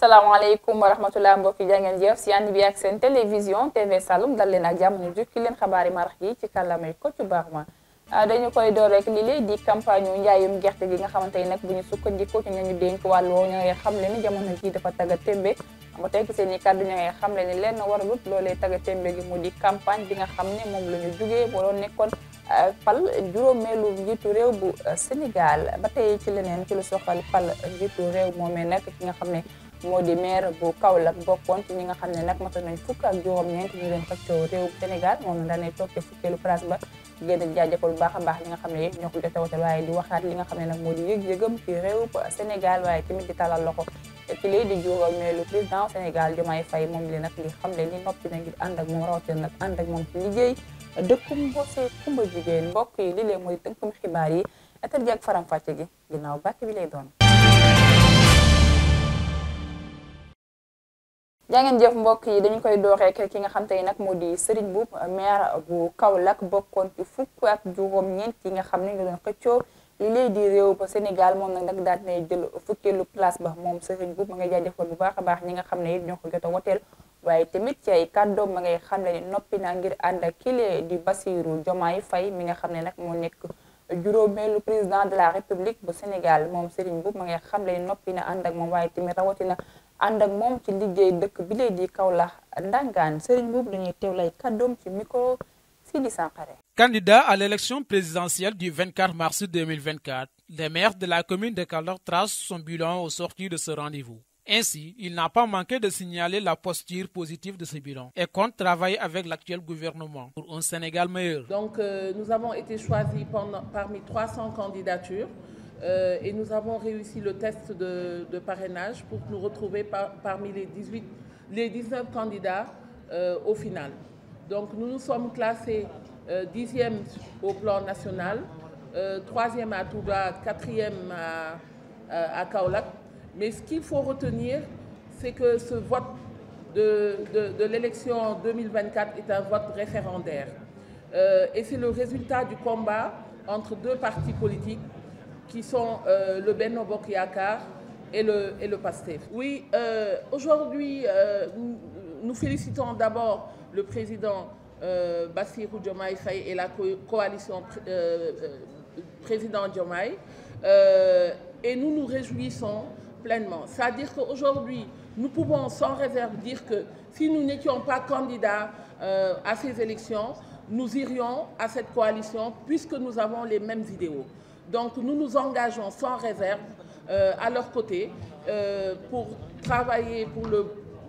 salaamaaleykum wa rahmatulah mbokki jàngeen jëf si ànd bi ak seen télévision TV Saloum dal leen ak jàmm ñu jukki leen xabaari marax yi ci kàllaamay Kocc Barma ah, dañu koy door rek li lee di campagne yu njaayum gerte gi nga xamante ni nag bu ñu sukkandiku ci ñu dénk wàllu woo ñoo xam le ni jamono ji dafa taga témbe ba tey seen i kàddu ñoo ngi xam le ni lenn waralut loolee taga témbe gi mu di campagne bi nga xam ne moom la ñu jugee moo doon nekkoon ah, fal juróomeelu njiitu réew bu ah, Sénégal ba tey ci leneen ci lu soxal fal njiitu réew moomee nag ki nga xam ne moo di maire bu Kaolack bokkoon ci ñi nga xam ne nag matoon nañ fukk ak juróom-ñeent ñu leen xëccoo réew Sénégal moom daan nañ toog ci fukkeelu place ba génn di jaajëfal bu baax a baax li nga xam ne ñoo ko a wotal waaye di waxaat li nga xam ne nag moo di yëg-yëgam ci réew Sénégal waaye tamit di talal loxo ci lii di juróomeelu président Sénégal Diomaye Faye moom li nag li xam le ni noppi na ngir ànd ak moom rawatina nag ànd moom ci liggéey dëkkum boose kumba jigéen mbokk yi li leen mooy tënkum xibaar yi atal faram-fàcce gi ginnaaw bàkk bi lay doon yaa jëf mbokk yi dañu koy dooree ki nga xam te ni nag moo di Serigne Mboup maire bu Kaolack bokkoon ci fukk ak juróom-ñeent yi nga xam ne ñu doon xëccoo li léegi di réew ba Sénégal moom nag nag daal jël fukkeelu place ba moom Serigne Mboup ma ngay jaajëfal bu baax a baax ñi nga xam ne ñoo ko jot a woteel waaye ma ngay xam ne noppi na ngir ànd ak kile di Bassirou yi fay mi nga xam ne nag moo nekk juróomeelu président de la République bu Sénégal moom Serigne Mboup ma ngay xam ne noppi na ànd ak moom waaye tamit rawatina Candidat à l'élection présidentielle du 24 mars 2024, les maires de la commune de calor trace son bilan au sorti de ce rendez-vous. Ainsi, il n'a pas manqué de signaler la posture positive de ce bilan et compte travailler avec l'actuel gouvernement pour un Sénégal meilleur. Donc, euh, nous avons été choisis parmi 300 candidatures. Euh, et nous avons réussi le test de, parrainage pour nous retrouver parmi les, 18, les 19 candidats euh, au final. Donc nous nous sommes classés euh, dixième au plan national, troisième à Touba, quatrième à, à Kaolac. Mais ce qu'il faut retenir, c'est que ce vote de, de, l'élection 2024 est un vote référendaire. et c'est le résultat du combat entre deux partis politiques qui sont euh, le Benno Yakar et le, et le PASTEF. Oui, euh, aujourd'hui, euh, nous, félicitons d'abord le président Bassirou Diomaye Faye et la coalition président Diomaye et nous nous réjouissons pleinement. C'est-à-dire qu'aujourd'hui, nous pouvons sans réserve dire que si nous n'étions pas candidats à ces élections, nous irions à cette coalition puisque nous avons les mêmes idéaux. Donc nous nous engageons sans réserve euh, à leur côté euh, pour travailler pour le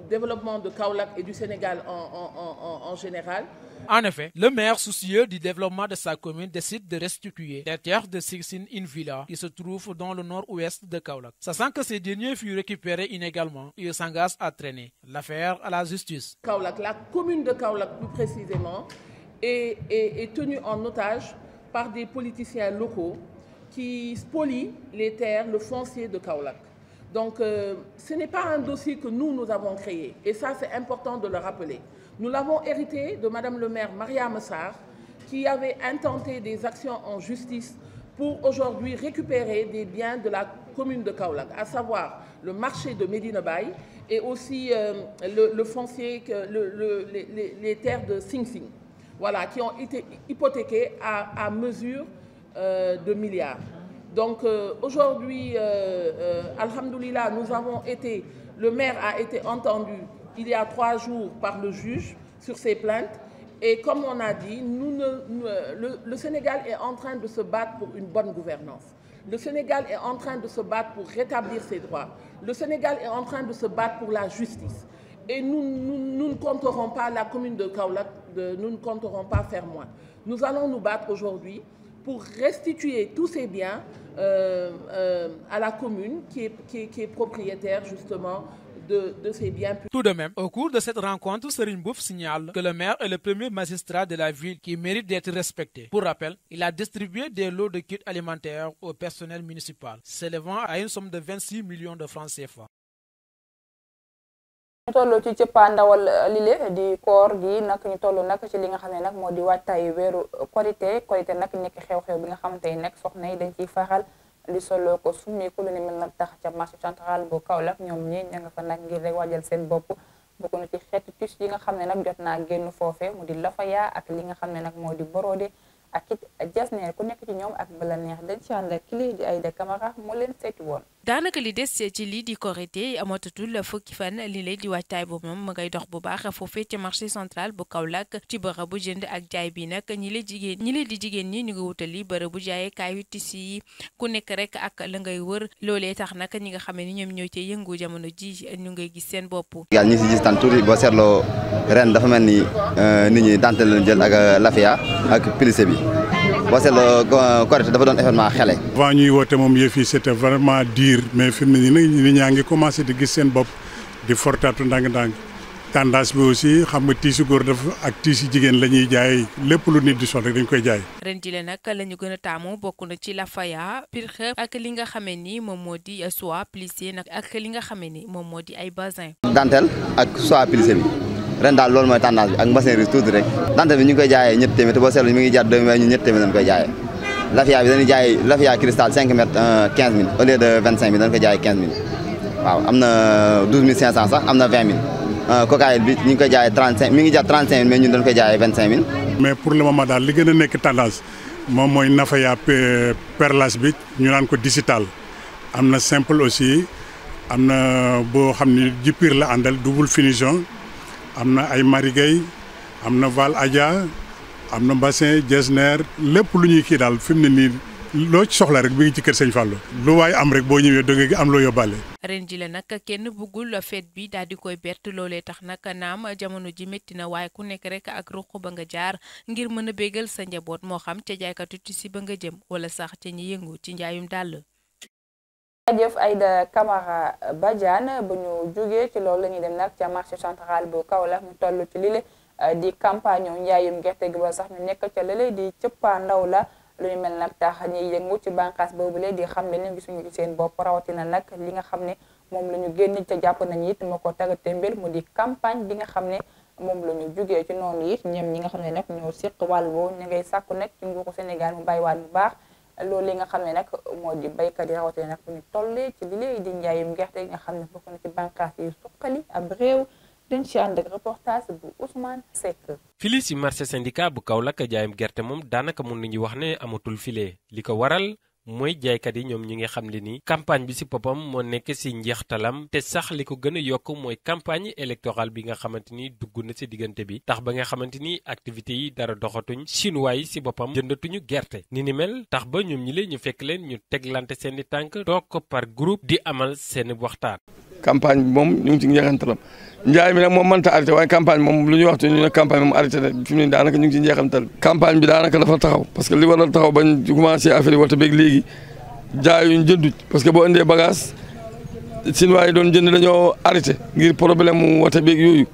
développement de Kaolack et du Sénégal en, général. En effet, le maire soucieux du développement de sa commune décide de restituer des terres de Sixin une villa qui se trouve dans le nord-ouest de Kaolac. Sachant que ces derniers furent récupérés inégalement, il s'engage à traîner l'affaire à la justice. Kaolack, la commune de Kaolack plus précisément, est, est tenue en otage par des politiciens locaux qui spolie les terres, le foncier de Kaolack. Donc, euh, ce n'est pas un dossier que nous, nous avons créé. Et ça, c'est important de le rappeler. Nous l'avons hérité de Madame le maire Maria Massar, qui avait intenté des actions en justice pour aujourd'hui récupérer des biens de la commune de Kaolack, à savoir le marché de Medina Bay et aussi euh, le, foncier, que, le, les, terres de Sing Sing, voilà, qui ont été hypothéquées à mesure euh, de milliards. Donc euh, aujourd'hui, euh, Alhamdoulilah, nous avons été, le maire a été entendu il y a trois jours par le juge sur ses plaintes. Et comme on a dit, nous le, Sénégal est en train de se battre pour une bonne gouvernance. Le Sénégal est en train de se battre pour rétablir ses droits. Le Sénégal est en train de se battre pour la justice. Et nous, ne compterons pas la commune de Kaolack, nous ne compterons pas faire moins. Nous allons nous battre aujourd'hui pour restituer tous ces biens euh, euh, à la commune qui est, propriétaire justement de, ces biens. Tout de même, au cours de cette rencontre, Serine Bouffe signale que le maire est le premier magistrat de la ville qui mérite d'être respecté. Pour rappel, il a distribué des lots de kits alimentaires au personnel municipal, s'élevant à une somme de 26 millions de francs CFA. ñu toll ci cëppaandawal euh, lile di koor gi nag ñu toll nag ci li nga xam ne nag moo di waajtaayu weeru korité korité nag nekk xew-xew bi nga xamante ni nag soxna yi dañ ciy faral di solo ko summeeku lu ne mel nag tax ca marché central bu Kaolack ñoom ñi ña nga fa nag ngir rek waajal seen bopp bokk na ci xeetu tus yi nga xam ne nag jot naa génn foofe mu di lafaya ak li nga xam ne nag moo di borode ak it jasneer ku nekk ci ñoom ak bala neex dañ ci ànd ak kile di ay de moo leen seeti woon daanaka li des ci lii di korité amatatul fukki fan li lay di waajtaay bu moom ma ngay dox bu baax foofee ci marché central bu Kaolack ci bërëbu jënd ak jaay bi nag ñi lay di jigéen ñi ñu ngi wutali bërëbu jaayekaayu tissu yi ku nekk rek ak la ngay wër loolee tax nag ñi nga xam ni ñoom ñoo cee yëngu jamono ji ñu ngay gis seen bopp. yaa ñi si gis tan boo seetloo ren dafa mel ni euh, nit ñi dentelle lañ jël ak euh, lafia ak plissé bi boo seetloo korité dafa doon événement xele. avant biir mais fi mu ne nii ñaa ngi commencé di gis seen bopp di fortaatu ndànk-ndànk tendance bi aussi xam nga tiisi góor dafa ak tiisi jigéen la ñuy jaay lépp lu nit di sol rek dañ koy jaay. ren jile nag la ñu gën a taamu bokk na ci lafaya pirxe ak li nga xamee ni moom moo di soie plissé nag ak li nga xamee ni moom moo di ay basin. dentelle ak soie plissé bi ren daal loolu mooy tendance bi ak mbasin ris tuuti rek. dentelle bi ñu koy jaayee ñett téeméer te boo seetlu lafia bi dañuy jaay lafia cristal 5 mètres 15000 euh, au lieu de 25000 dañ ko jaay 15000 waaw am na 12500 sax am na 20000 euh, cocaïne bi ñu ngi koy jaayee 35 mi ngi jar 35000 mais ñun dañ koy jaayee 25000. mais pour le moment daal li gën a nekk tendance moom mooy nafaya perlas bi ñu naan ko digital am na simple aussi am na boo xam ne jipir la àndal double finition am na ay marigay am na val aja am na bassin jesner lépp lu ñuy kii daal fi ne nii loo ci soxla rek bi ngi ci kër sëñ lu waaye am rek boo ñëwee danga am loo yóbbaale. ren ji la nag kenn bëggul fet bi daal di koy bett loole tax nag naam jamono ji metti na waaye ku nekk rek ak ruq ba nga jaar ngir mën a bégal sa njaboot moo xam ca jaaykatu si ba nga jëm wala sax ca ñu yëngu ci njaayum dall jëf Aïda Camara Badiane bu ñu jógee Euh, di campagne wu njaayum gerte gi ba sax ñu nekk ca lële di cëppaa ndaw la lu mel nag tax ñuy yëngu ci bànqaas boobu le di xam ne ñu gisuñu ci seen bopp rawatina nag li nga xam ne moom la ñu génn ca jàpp nañu it moo ko tagate mbir mu di campagne bi nga xam ne moom la ñu jugee ci noonu it ñoom ñi nga xam ne nag ñoo siq wàll boobu ñu ngay sàkku nag ci nguuru Sénégal mu bàyyiwaat bu baax loolu li nga xam ne nag moo di béykat yi rawatina nag bu ñu tollee ci li léegi di njaayum gerte gi nga xam ne bokk na ci bànqaas yi suqali ab réew dañ ci ànd ak reportage bu kaw Seck. jaayam gerte moom daanaka mun nañu wax ne amatul file li ko waral. mooy jaaykat yi ñoom ñi nga xam le ni campagne bi ci boppam moo nekk ci njeextalam te sax li ko gën a yokk mooy campagne électorale bi nga xamante ni dugg na ci diggante bi tax ba nga xamante ni activités yi dara doxatuñ chinois yi ci boppam jëndatuñu gerte ni ni mel tax ba ñoom ñi leen ñu fekk leen ñu teglante seeni tànk toog par group di amal seeni waxtaan campagne bi moom ñu ngi ci njeexantalam njaay mi nag moom mënta arrêté waaye campagne moom lu ñuy waxtu ñu ne campagne moom arrêté na fi mu ne daanaka ñu ngi ci njeexantal campagne bi daanaka dafa taxaw parce que li waral taxaw bañ commencé affaire wata beeg léegi jaayuñ jënduj parce que boo indee bagage Chinois yi doon jënd dañoo arrêté ngir problème mu wata beeg yooyu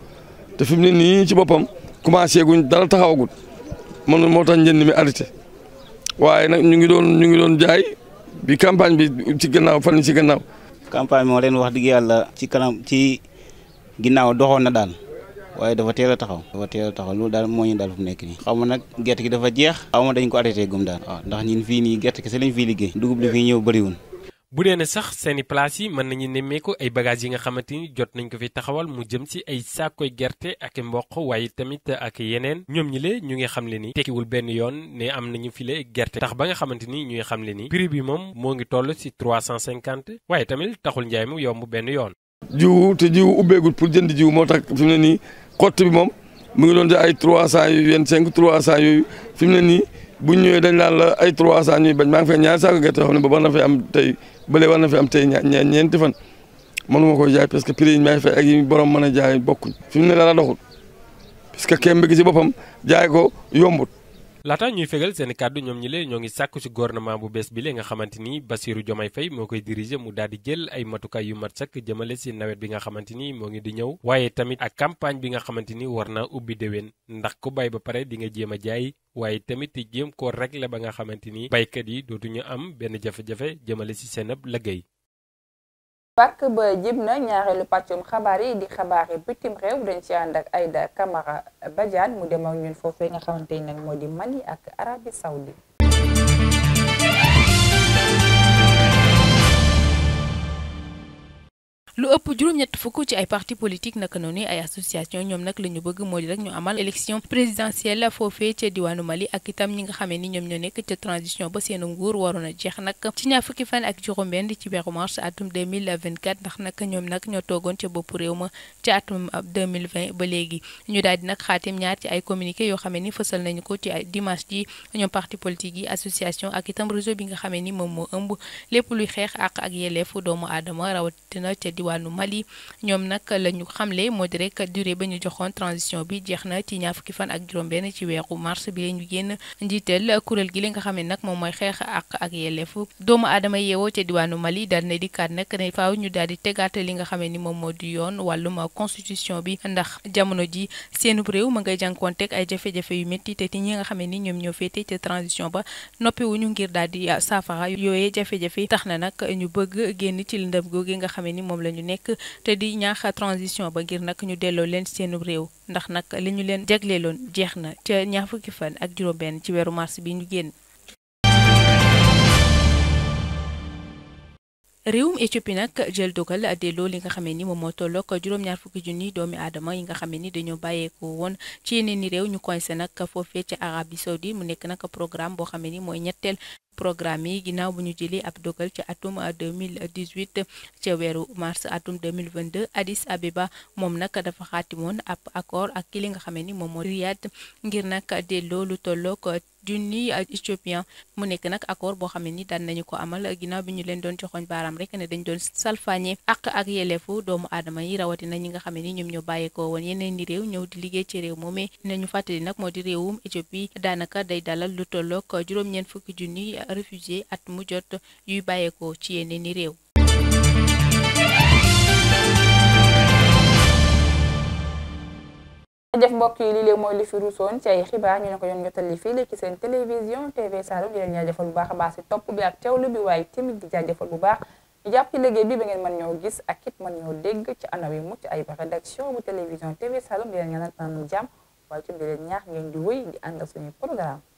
te fi mu ne nii ci boppam commencé guñ dara taxawagul man moo tax njënd mi arrêté waaye nag ñu ngi doon ñu ngi doon jaay bi campagne bi ci gannaaw fan ci gannaaw campagne moo leen wax dëgg yàlla ci kanam ci ginnaaw doxoon na daal waaye dafa teel a taxaw dafa teel a taxaw loolu daal moo ñu daal fu mu nekk nii xaw ma nag gerte gi dafa jeex xaw ma dañ ko arrêté gum daal waaw ndax ñun fii nii gerte kese lañ fii liggéey dugub li fi ñëw bëriwul bu dee na sax seeni place yi mën nañu nemmeeku ay bagages yi nga xamante ni jot nañ ko fi taxawal mu jëm ci ay sàkkoy gerte ak mboq waaye tamit ak yeneen ñoom ñi le ñu ngi xam le ni tekkiwul benn yoon ne am nañu file gerte tax ba nga xamante ni ñu ngi xam le ni prix bi moom moo ngi toll ci 350 waaye tamit taxul njaay mu yomb benn yoon jiwu te jiwu ubbeegul pour jënd jiwu moo tax fi mu ne nii xott bi moom mu ngi doon di ay 300 yooyu 25 300 yooyu fi mu bu ñëwee dañ naan la ay trois a ñuy bañ maa ngi fay ñaari saako gerte yoo xam ne ba war na fi am tey bële war na fi am tey ña ñeenti fan mënuma ko jaay parce que prix yi may fay ak borom mën a jaay bokkuñ fi mu ne dara doxul parce que kemb gi ci boppam jaay ko yombut laata ñuy fegal seen kàddu ñoom ñi lee ñoo ngi sàkku ci gouvernement bu bees bi lee nga xamante ni Bassirou Diomaye Faye moo koy diriger mu daal di jël ay matukaay yu mat sakk jëmale si nawet bi nga xamante nii moo ngi di ñëw waaye tamit ak campagne bi nga xamante ni war naa ubbi déwén ndax ku bàyyi ba pare dinga jéem a jaay waaye tamit jéem koo régler ba nga xamante ni baykat yi dootuñu am benn jafe-jafe jëmale si seen ab liggéey barke ba jib na ñaareelu pàccum xabaar yi di xabaar yi bitim réew dañ ci ànd ak Aïda Camara Badiane mu dem ak ñun foofee nga xamante nag moo di Mali ak Arabie Saoudite lu ëpp juróom-ñett fukk ci ay parti politique naka noonu ay association ñoom nag la ñu bëgg moo di rek ñu amal élection présidentielle foofee ca diwaanu Mali ak itam ñi nga xamee ni ñoom ñoo nekk ca transition ba seen nguur waroon a jeex nag ci ñaar fukki fan ak ci nag ñoom nag ñoo toogoon ca bopp réew ma ci atum 2020 ba léegi ñu daal di nag xaatim ñaar ay communiqué yoo xamee ni fësal nañu ko ci ay dimanche ji ñoom parti politique yi association ak itam réseau bi nga xamee ni moom moo ëmb lépp luy xeex àq ak yelleefu doomu aadama rawatina ca diwaanu Mali ñoom nag la ñu xamle moo di rek durée ba ñu joxoon transition bi jeex na ci ñaar fan ak juróom-benn ci weeru mars bi ñu génn njiital kuréel gi li nga xam mooy xeex ak ak yelleefu doomu aadama yeewoo ca diwaanu Mali daal na dikkaat nag ne faaw ñu li nga xam ne ni moom moo di yoon wàllum constitution bi ndax jamono ji seenub réew ma ngay jànkoonteeg ay jafe-jafe yu métti te ñi nga xam ni ñoom ñoo féete ca transition ba noppiwuñu ngir daal di saafara yooyee jafe-jafe tax na nag ñu bëgg génn ci lëndëm googu nga xam ni moom la ñu nekk te di ñaax transition ba ngir nag ñu delloo leen seenu réew ndax nag li ñu leen jagleeloon jeex na ca ñaar fukki fan ak juróom-benn ci weeru mars bi ñu génn. réewum Éthiopie nag jël dogal delloo li nga xamee ni moom moo tolloog juróom-ñaar fukki junni doomi aadama yi nga xamee ni dañoo bàyyeekoo woon ci yeneen i réew ñu coincé nag foofee ci Arabie Saoudite mu nekk nag programme boo xamee ni mooy ñetteel programme yi ginnaaw bu ñu jëlee ab dogal ci atum 2018 euh, ci weeru mars atum 2022 Addis Abeba moom nag dafa xaatimoon ab accord ak ki li nga xam ni moom moo Riyad ngir nag delloo lu tolloo ko du ak euh, éthiopien mu nekk nag accord boo xam ne ni daan nañu ko amal ginnaaw bi ñu leen doon joxoñ baaraam rek ne dañu doon salfaañe àq ak yelleefu doomu aadama yi rawatina ñi nga xam ne ni ñoom ñoo bàyyeeko woon yeneen di réew ñëw di liggéey ci réew moomee nañu fàttali nag moo di réewum Éthiopie daanaka day dalal lu tolloog juróom-ñeent fukki junni réfugié at mu jot yuy bàyyeekoo ci yeneen i réew jëf mbokk yi lii léeg mooy li fi ruusoon ci ay xibaar ñu ne ko yoon jotal li seen télévision TV Saloum di leen bu baax a baax si topp bi ak teewlu bi waaye tamit di jaajëfal bu baax ñu jàpp ci liggéey bi ba ngeen mën ñoo gis ak it mën ñoo dégg ci anam yi mucc ay rédaction bu télévision TV Saloum di leen ñaanal anam jàmm waaye tamit ñaax ngeen di wéy di ànd ak programme